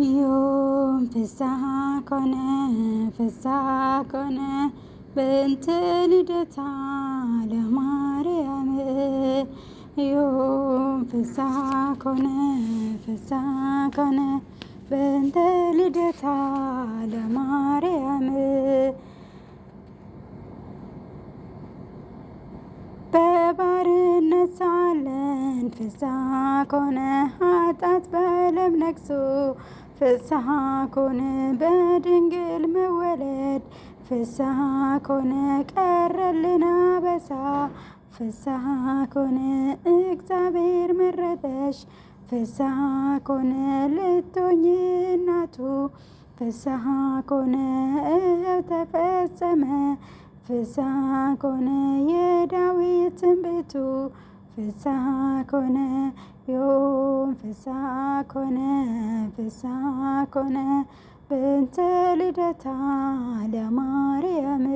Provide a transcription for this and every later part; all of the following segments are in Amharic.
ይሁን ፍስሐ ኮነ ፍስሐ ኮነ በእንተ ልደታ ለማርያም ይሁን ፍስሐ ኮነ ፍስሐ ኮነ በእንተ ልደታ ለማርያም እንነሳለን ፍስሐ ኮነ ኃጢአት በዓለም ነግሶ ፍስሐ ኮነ በድንግል መወለድ ፍስሐ ኮነ ቀረልን አበሳ ፍስሐ ኮነ እግዚአብሔር መረጠሽ ፍስሐ ኮነ ልቶኝ እናቱ ፍስሐ ኮነ እህብ ተፈጸመ ፍስሐ ኮነ የዳዊት ትንቢቱ ፍስሐ ኮነ ዮም ፍስሐ ኮነ ፍስሐ ኮነ በእንተ ልደታ ለማርያም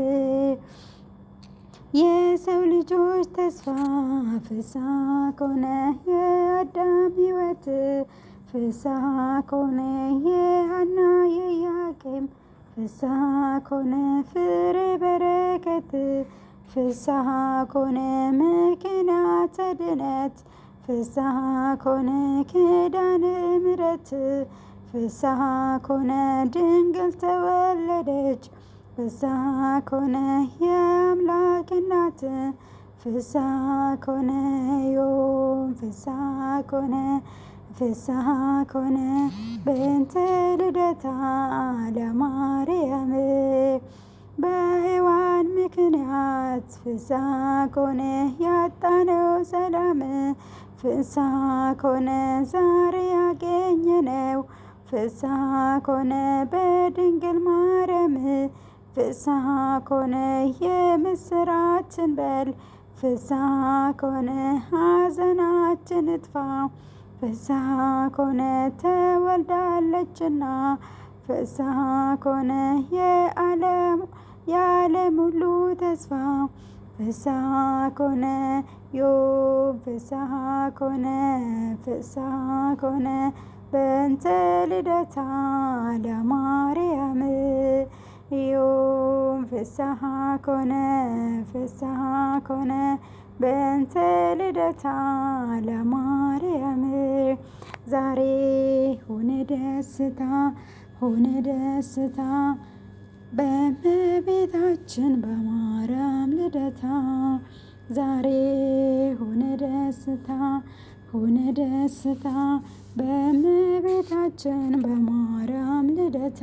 የሰው ልጆች ተስፋ ፍስሐ ኮነ የአዳም ሕይወት ፍስሐ ኮነ የሐና የኢያቄም ፍስሐ ኮነ ፍሬ በረከት ፍስሐ ኮነ ምክንያተ ድነት ፍስሐ ኮነ ኪዳነ ምሕረት ፍስሐ ኮነ ድንግል ተወለደች ፍስሐ ኮነ የአምላክ እናት ፍስሐ ኮነ ዮም ፍስሐ ኮነ ፍስሐ ኮነ በእንተ ልደታ ለማርያም በሔዋን ምክንያት ፍሳ ከሆነ ያጣነው ሰላም ፍሳ ከሆነ ዛሬ ያገኘነው ፍሳ ከሆነ በድንግል ማርያም ፍሳ ከሆነ የምስራችን በል ፍሳ ከሆነ ሐዘናችን እጥፋ ፍሳ ከሆነ ተወልዳለችና ፍስሐ ኮነ የዓለም ሁሉ ተስፋ ፍስሐ ኮነ ዮብ ፍስሐ ኮነ ፍስሐ ኮነ በእንተ ልደታ ለማርያም ዮም ፍስሐ ኮነ ፍስሐ ኮነ በእንተ ልደታ ለማርያም ዛሬ ሁን ደስታ ሆነ ደስታ በእመቤታችን በማርያም ልደታ ዛሬ ሆነ ደስታ ሆነ ደስታ በእመቤታችን በማርያም ልደታ